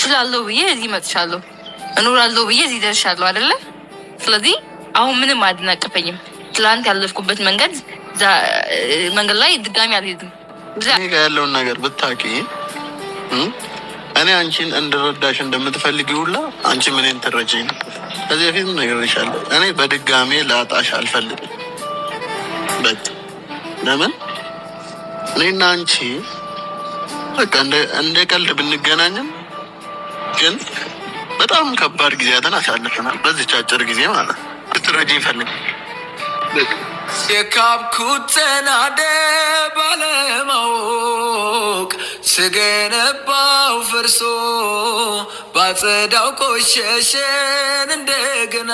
እችላለሁ ብዬ እዚህ መጥቻለሁ፣ እኖራለሁ ብዬ እዚህ ደርሻለሁ አይደለ? ስለዚህ አሁን ምንም አያደናቅፈኝም። ትላንት ያለፍኩበት መንገድ መንገድ ላይ ድጋሚ አልሄድም። እኔ ጋ ያለውን ነገር ብታውቂ እኔ አንቺን እንድረዳሽ እንደምትፈልግ ሁላ አንቺ ምን ትረጂኝ ነው። ከዚህ በፊት ነግሬሻለሁ። እኔ በድጋሜ ላጣሽ አልፈልግም። በቃ ለምን እኔና አንቺ በቃ እንደ ቀልድ ብንገናኝም ግን በጣም ከባድ ጊዜያትን አሳልፈናል። በዚች አጭር ጊዜ ማለት ስትረጅ ይፈልግ የካብኩት ተናደ ባለማወቅ ስገነባው ፍርሶ ባጸዳው ቆሸሸን እንደገና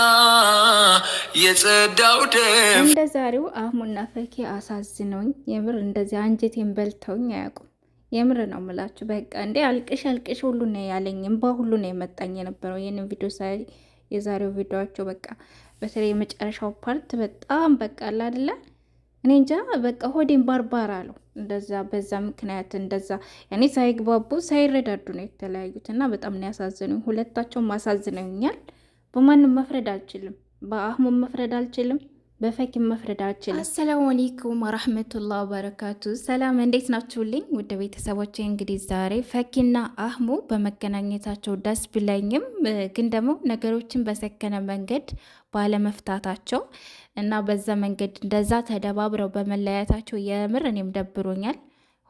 የጸዳው ደፍ እንደ ዛሬው አህሙና ፈኪ አሳዝነውኝ የምር እንደዚህ አንጀቴን በልተውኝ አያውቁም። የምር ነው ምላችሁ። በቃ እንዴ አልቅሽ አልቅሽ ሁሉ ነው ያለኝ፣ እምባ ሁሉ ነው የመጣኝ የነበረው ይህንን ቪዲዮ ሳይ። የዛሬው ቪዲዮቸው በቃ በተለይ የመጨረሻው ፓርት በጣም በቃ አለ አይደለ እኔ እንጃ በቃ ሆዴን ባርባር አለው። እንደዛ በዛ ምክንያት እንደዛ ያኔ ሳይግባቡ ሳይረዳዱ ነው የተለያዩት እና በጣም ነው ያሳዝነኝ። ሁለታቸውም አሳዝነውኛል። በማንም መፍረድ አልችልም፣ በአህሙም መፍረድ አልችልም በፈኪም መፍረዳችን። አሰላሙ አሌይኩም ወረህመቱላ ወበረካቱ። ሰላም እንዴት ናችሁልኝ ውድ ቤተሰቦች? እንግዲህ ዛሬ ፈኪና አህሙ በመገናኘታቸው ደስ ብለኝም፣ ግን ደግሞ ነገሮችን በሰከነ መንገድ ባለመፍታታቸው እና በዛ መንገድ እንደዛ ተደባብረው በመለያየታቸው የምር እኔም ደብሮኛል።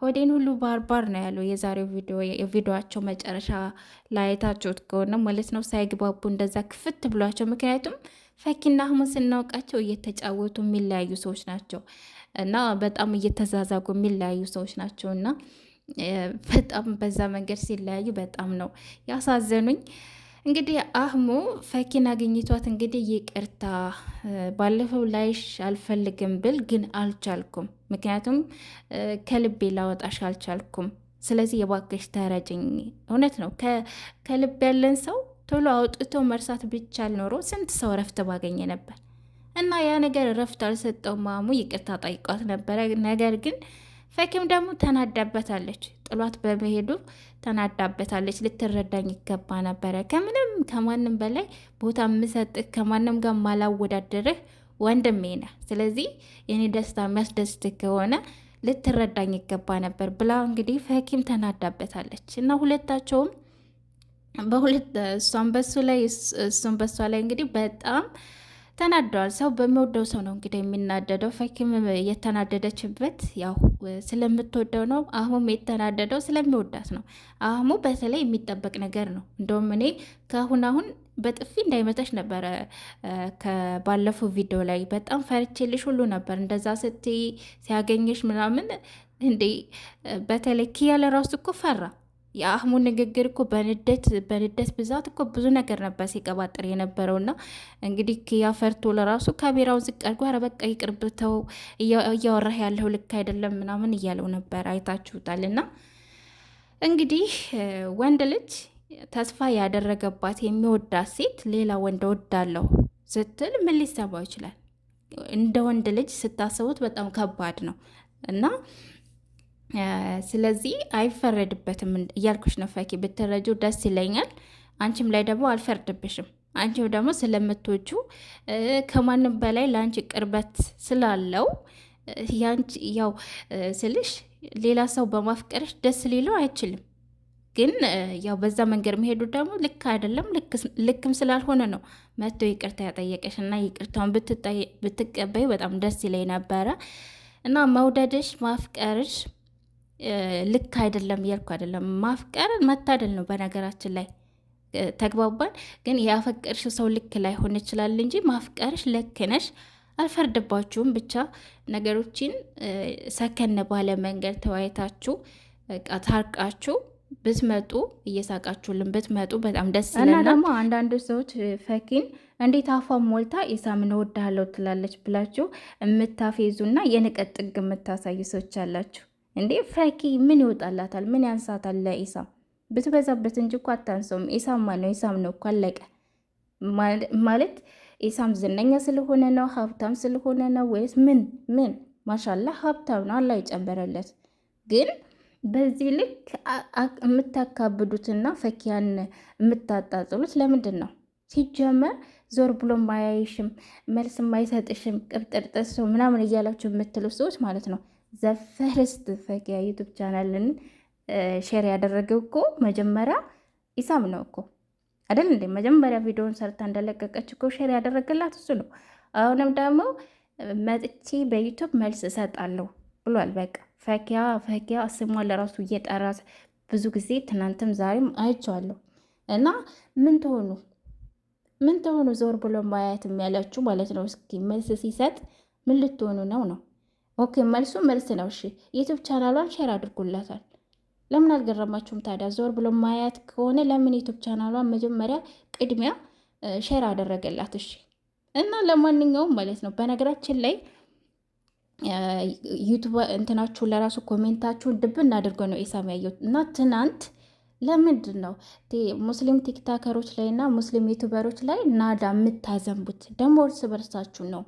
ሆዴን ሁሉ ባርባር ነው ያለው። የዛሬው የቪዲዮቸው መጨረሻ ላይ ከሆነ ማለት ነው ሳይግባቡ እንደዛ ክፍት ብሏቸው ምክንያቱም ፈኪና አህሙ ስናውቃቸው እየተጫወቱ የሚለያዩ ሰዎች ናቸው እና በጣም እየተዛዛጉ የሚለያዩ ሰዎች ናቸው እና በጣም በዛ መንገድ ሲለያዩ በጣም ነው ያሳዘኑኝ። እንግዲህ አህሙ ፈኪን አግኝቷት እንግዲህ ይቅርታ ባለፈው ላይሽ አልፈልግም ብል ግን አልቻልኩም፣ ምክንያቱም ከልቤ ላወጣሽ አልቻልኩም። ስለዚህ የባከሽ ተረጭኝ። እውነት ነው ከልብ ያለን ሰው ቶሎ አውጥቶ መርሳት ቢቻል ኖሮ ስንት ሰው እረፍት ባገኘ ነበር። እና ያ ነገር እረፍት አልሰጠው ማሙ ይቅርታ ጠይቋት ነበረ። ነገር ግን ፈኪም ደግሞ ተናዳበታለች። ጥሏት በመሄዱ ተናዳበታለች። ልትረዳኝ ይገባ ነበረ። ከምንም ከማንም በላይ ቦታ የምሰጥህ ከማንም ጋር ማላወዳደርህ ወንድሜ ነህ። ስለዚህ የኔ ደስታ የሚያስደስትህ ከሆነ ልትረዳኝ ይገባ ነበር ብላ እንግዲህ ፈኪም ተናዳበታለች እና ሁለታቸውም በሁለት እሷን በሱ ላይ እሱን በሷ ላይ እንግዲህ በጣም ተናደዋል። ሰው በሚወደው ሰው ነው እንግዲህ የሚናደደው። ፈኪም የተናደደችበት ያው ስለምትወደው ነው። አህሙም የተናደደው ስለሚወዳት ነው። አህሙ በተለይ የሚጠበቅ ነገር ነው። እንደውም እኔ ከአሁን አሁን በጥፊ እንዳይመታሽ ነበረ። ከባለፈው ቪዲዮ ላይ በጣም ፈርቼልሽ ሁሉ ነበር እንደዛ ስትይ ሲያገኘሽ ምናምን እንዴ። በተለይ ኪያ ለራሱ እኮ ፈራ የአህሙ ንግግር እኮ በንደት በንደት ብዛት እኮ ብዙ ነገር ነበር ሲቀባጥር የነበረውና እንግዲህ ኪያ ፈርቶ ለራሱ ካሜራውን ዝቅ አድርጎ ኧረ በቃ ይቅርብተው እያወራህ ያለው ልክ አይደለም ምናምን እያለው ነበር አይታችሁታልና እንግዲህ ወንድ ልጅ ተስፋ ያደረገባት የሚወዳት ሴት ሌላ ወንድ ወዳለሁ ስትል ምን ሊሰማው ይችላል? እንደ ወንድ ልጅ ስታስቡት በጣም ከባድ ነው እና ስለዚህ አይፈረድበትም እያልኩሽ ነው ፈኪ። ብትረጁ ደስ ይለኛል። አንቺም ላይ ደግሞ አልፈርድብሽም። አንቺም ደግሞ ስለምትወጁ ከማንም በላይ ለአንቺ ቅርበት ስላለው ያንቺ ያው ስልሽ ሌላ ሰው በማፍቀርሽ ደስ ሊለው አይችልም። ግን ያው በዛ መንገድ መሄዱ ደግሞ ልክ አይደለም፣ ልክም ስላልሆነ ነው መቶ ይቅርታ ያጠየቀሽ እና ይቅርታውን ብትቀበይ በጣም ደስ ይለኝ ነበረ እና መውደድሽ ማፍቀርሽ ልክ አይደለም እያልኩ አይደለም። ማፍቀርን መታደል ነው በነገራችን ላይ ተግባባን። ግን ያፈቀርሽ ሰው ልክ ላይሆን ይችላል እንጂ ማፍቀርሽ ልክ ነሽ። አልፈርድባችሁም። ብቻ ነገሮችን ሰከን ባለ መንገድ ተወያይታችሁ ታርቃችሁ ብትመጡ እየሳቃችሁልን ብትመጡ በጣም ደስ ይለናል። እና ደግሞ አንዳንድ ሰዎች ፈኪን እንዴት አፏን ሞልታ ኢሳምን እወድሃለሁ ትላለች ብላችሁ የምታፌዙና የንቀት ጥግ የምታሳዩ ሰዎች አላችሁ። እንዴ ፈኪ ምን ይወጣላታል? ምን ያንሳታል? ለኢሳ ብትበዛበት እንጂ እኮ አታንሰውም። ኢሳም ነው? ኢሳም ነው እኮ አለቀ። ማለት ኢሳም ዝነኛ ስለሆነ ነው ሀብታም ስለሆነ ነው ወይስ ምን ምን? ማሻላ ሀብታም ነው፣ አላህ ይጨመረለት ግን በዚህ ልክ የምታካብዱትና ፈኪያን የምታጣጥሉት ለምንድን ነው? ሲጀመር ዞር ብሎ ማያይሽም መልስ ማይሰጥሽም ቅብጥርጥስ ምናምን እያላችሁ የምትሉ ሰዎች ማለት ነው ዘፈርስት ፈኪያ ዩቱብ ቻናልን ሼር ያደረገው እኮ መጀመሪያ ኢሳም ነው እኮ አይደል እንዴ? መጀመሪያ ቪዲዮን ሰርታ እንደለቀቀች እኮ ሼር ያደረገላት እሱ ነው። አሁንም ደግሞ መጥቼ በዩቱብ መልስ እሰጣለሁ ብሏል። በቃ ፈኪያ ፈኪያ ስሟ ለራሱ እየጠራት ብዙ ጊዜ ትናንትም ዛሬም አይቼዋለሁ። እና ምን ተሆኑ ምን ተሆኑ ዞር ብሎ ማየት የሚያላችሁ ማለት ነው። እስኪ መልስ ሲሰጥ ምን ልትሆኑ ነው ነው ኦኬ፣ መልሱ መልስ ነው። እሺ ዩቱብ ቻናሏን ሼር አድርጎላታል። ለምን አልገረማችሁም ታዲያ? ዞር ብሎ ማያት ከሆነ ለምን ዩቱብ ቻናሏን መጀመሪያ ቅድሚያ ሼር አደረገላት? እሺ እና ለማንኛውም ማለት ነው በነገራችን ላይ ዩቱብ እንትናችሁን ለራሱ ኮሜንታችሁን ድብ አድርጎ ነው ኢሳም ያየሁት እና ትናንት ለምንድን ነው ሙስሊም ቲክታከሮች ላይ እና ሙስሊም ዩቱበሮች ላይ ናዳ የምታዘንቡት? ደግሞ እርስ በርሳችሁ ነው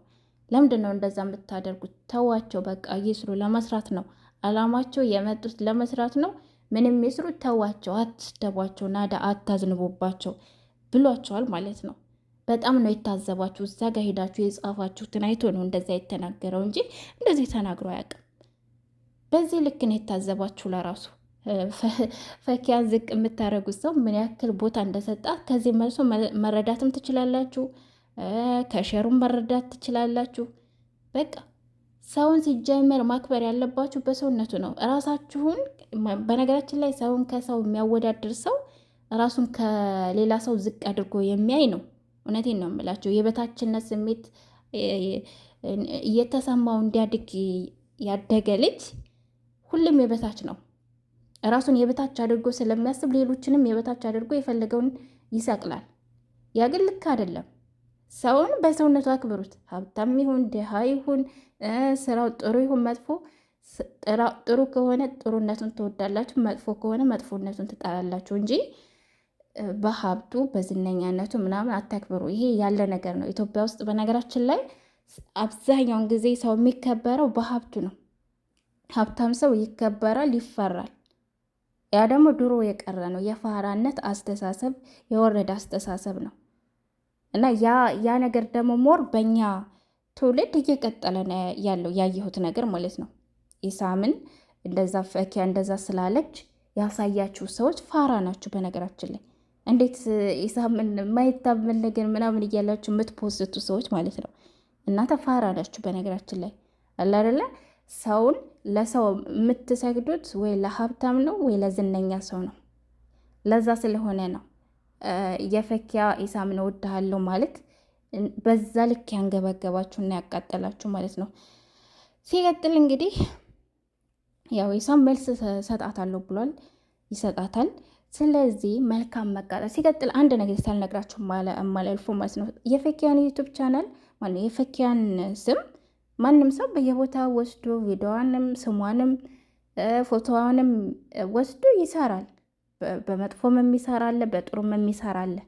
ለምንድን ነው እንደዛ የምታደርጉት? ተዋቸው በቃ ይስሩ። ለመስራት ነው አላማቸው የመጡት ለመስራት ነው። ምንም ይስሩ፣ ተዋቸው፣ አትስደቧቸው፣ ናዳ አታዝንቡባቸው ብሏቸዋል ማለት ነው። በጣም ነው የታዘባችሁ። እዛ ጋር ሄዳችሁ የጻፋችሁትን አይቶ ነው እንደዛ የተናገረው እንጂ እንደዚህ ተናግሮ አያውቅም። በዚህ ልክ ነው የታዘባችሁ። ለራሱ ፈኪያን ዝቅ የምታደርጉት ሰው ምን ያክል ቦታ እንደሰጣት ከዚህ መልሶ መረዳትም ትችላላችሁ። ከሸሩን መረዳት ትችላላችሁ። በቃ ሰውን ሲጀመር ማክበር ያለባችሁ በሰውነቱ ነው። እራሳችሁን በነገራችን ላይ ሰውን ከሰው የሚያወዳድር ሰው ራሱን ከሌላ ሰው ዝቅ አድርጎ የሚያይ ነው። እውነቴን ነው የምላችሁ። የበታችነት ስሜት እየተሰማው እንዲያድግ ያደገ ልጅ ሁሉም የበታች ነው። ራሱን የበታች አድርጎ ስለሚያስብ ሌሎችንም የበታች አድርጎ የፈለገውን ይሰቅላል። ያ ግን ልክ አይደለም። ሰውን በሰውነቱ አክብሩት። ሀብታም ይሁን ድሃ ይሁን ስራው ጥሩ ይሁን መጥፎ፣ ጥሩ ከሆነ ጥሩነቱን ትወዳላችሁ፣ መጥፎ ከሆነ መጥፎነቱን ትጠላላችሁ እንጂ በሀብቱ በዝነኛነቱ ምናምን አታክብሩ። ይሄ ያለ ነገር ነው ኢትዮጵያ ውስጥ። በነገራችን ላይ አብዛኛውን ጊዜ ሰው የሚከበረው በሀብቱ ነው። ሀብታም ሰው ይከበራል፣ ይፈራል። ያ ደግሞ ድሮ የቀረ ነው። የፋራነት አስተሳሰብ የወረደ አስተሳሰብ ነው። እና ያ ያ ነገር ደግሞ ሞር በእኛ ትውልድ እየቀጠለ ያለው ያየሁት ነገር ማለት ነው። ኢሳምን እንደዛ ፈኪያ እንደዛ ስላለች ያሳያችሁ ሰዎች ፋራ ናችሁ። በነገራችን ላይ እንዴት ኢሳምን ማይታመን ነገር ምናምን እያላችሁ የምትፖስቱ ሰዎች ማለት ነው። እናንተ ፋራ ናችሁ። በነገራችን ላይ አላደለ ሰውን ለሰው የምትሰግዱት ወይ ለሀብታም ነው ወይ ለዝነኛ ሰው ነው። ለዛ ስለሆነ ነው የፈኪያ ኢሳምን እወድሃለሁ ማለት በዛ ልክ ያንገበገባችሁ እና ያቃጠላችሁ ማለት ነው። ሲቀጥል እንግዲህ ያው ኢሳም መልስ ሰጣታለሁ ብሏል፣ ይሰጣታል። ስለዚህ መልካም መቃጠል። ሲቀጥል አንድ ነገር ሳልነግራችሁ ማለልፎ ማለት ነው የፈኪያን ዩቱብ ቻናል ማለት የፈኪያን ስም ማንም ሰው በየቦታው ወስዶ ቪዲዮዋንም ስሟንም ፎቶዋንም ወስዶ ይሰራል። በመጥፎም የሚሰራ አለ፣ በጥሩም የሚሰራ አለ።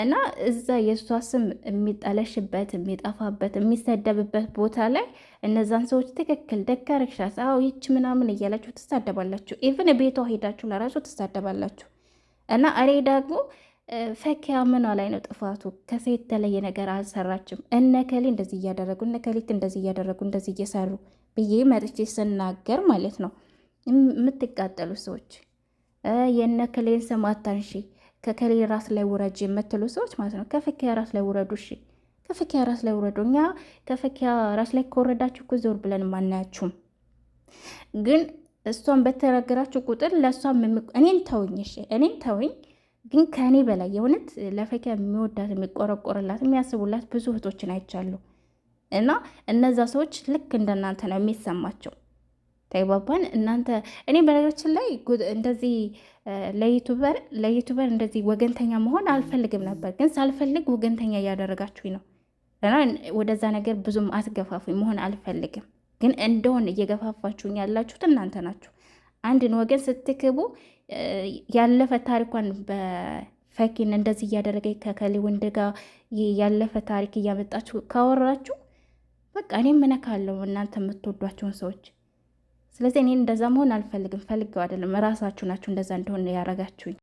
እና እዛ የእሷ ስም የሚጠለሽበት የሚጠፋበት የሚሰደብበት ቦታ ላይ እነዛን ሰዎች ትክክል ደከረሻት፣ አዎ ይች ምናምን እያላችሁ ትሳደባላችሁ። ኢቨን ቤቷ ሄዳችሁ ለራሱ ትሳደባላችሁ። እና እኔ ደግሞ ፈኪያ ምኗ ላይ ነው ጥፋቱ? ከሴት የተለየ ነገር አልሰራችም። እነከሌ እንደዚህ እያደረጉ እነከሊት እንደዚህ እያደረጉ እንደዚህ እየሰሩ ብዬ መጥቼ ስናገር ማለት ነው የምትቃጠሉ ሰዎች የነ ከሌን ስም አታንሺ፣ ከከሌ ራስ ላይ ውረጅ የምትሉ ሰዎች ማለት ነው። ከፈኪያ ራስ ላይ ውረዱ። እሺ፣ ከፈኪያ ራስ ላይ ውረዱ። እኛ ራስ ላይ ከወረዳችሁ እኮ ዞር ብለን ማናያችሁም። ግን እሷን በተናገራችሁ ቁጥር ለእሷ እኔን ተውኝ፣ እሺ፣ እኔን ተውኝ። ግን ከእኔ በላይ የእውነት ለፈኪያ የሚወዳት የሚቆረቆርላት የሚያስቡላት ብዙ እህቶችን አይቻሉ እና እነዛ ሰዎች ልክ እንደናንተ ነው የሚሰማቸው ተግባባን። እናንተ እኔ በነገራችን ላይ እንደዚህ ለዩቱበር ለዩቱበር እንደዚህ ወገንተኛ መሆን አልፈልግም ነበር፣ ግን ሳልፈልግ ወገንተኛ እያደረጋችሁኝ ነው። ወደዛ ነገር ብዙም አትገፋፉኝ፣ መሆን አልፈልግም፣ ግን እንደሆን እየገፋፋችሁኝ ያላችሁት እናንተ ናችሁ። አንድን ወገን ስትክቡ ያለፈ ታሪኳን በፈኪን እንደዚህ እያደረገ ከከሌ ወንድ ጋር ያለፈ ታሪክ እያመጣችሁ ካወራችሁ በቃ እኔ ምነካለሁ እናንተ የምትወዷቸውን ሰዎች ስለዚህ እኔን እንደዛ መሆን አልፈልግም፣ ፈልገው አይደለም ራሳችሁ ናችሁ እንደዛ እንደሆነ ያረጋችሁኝ።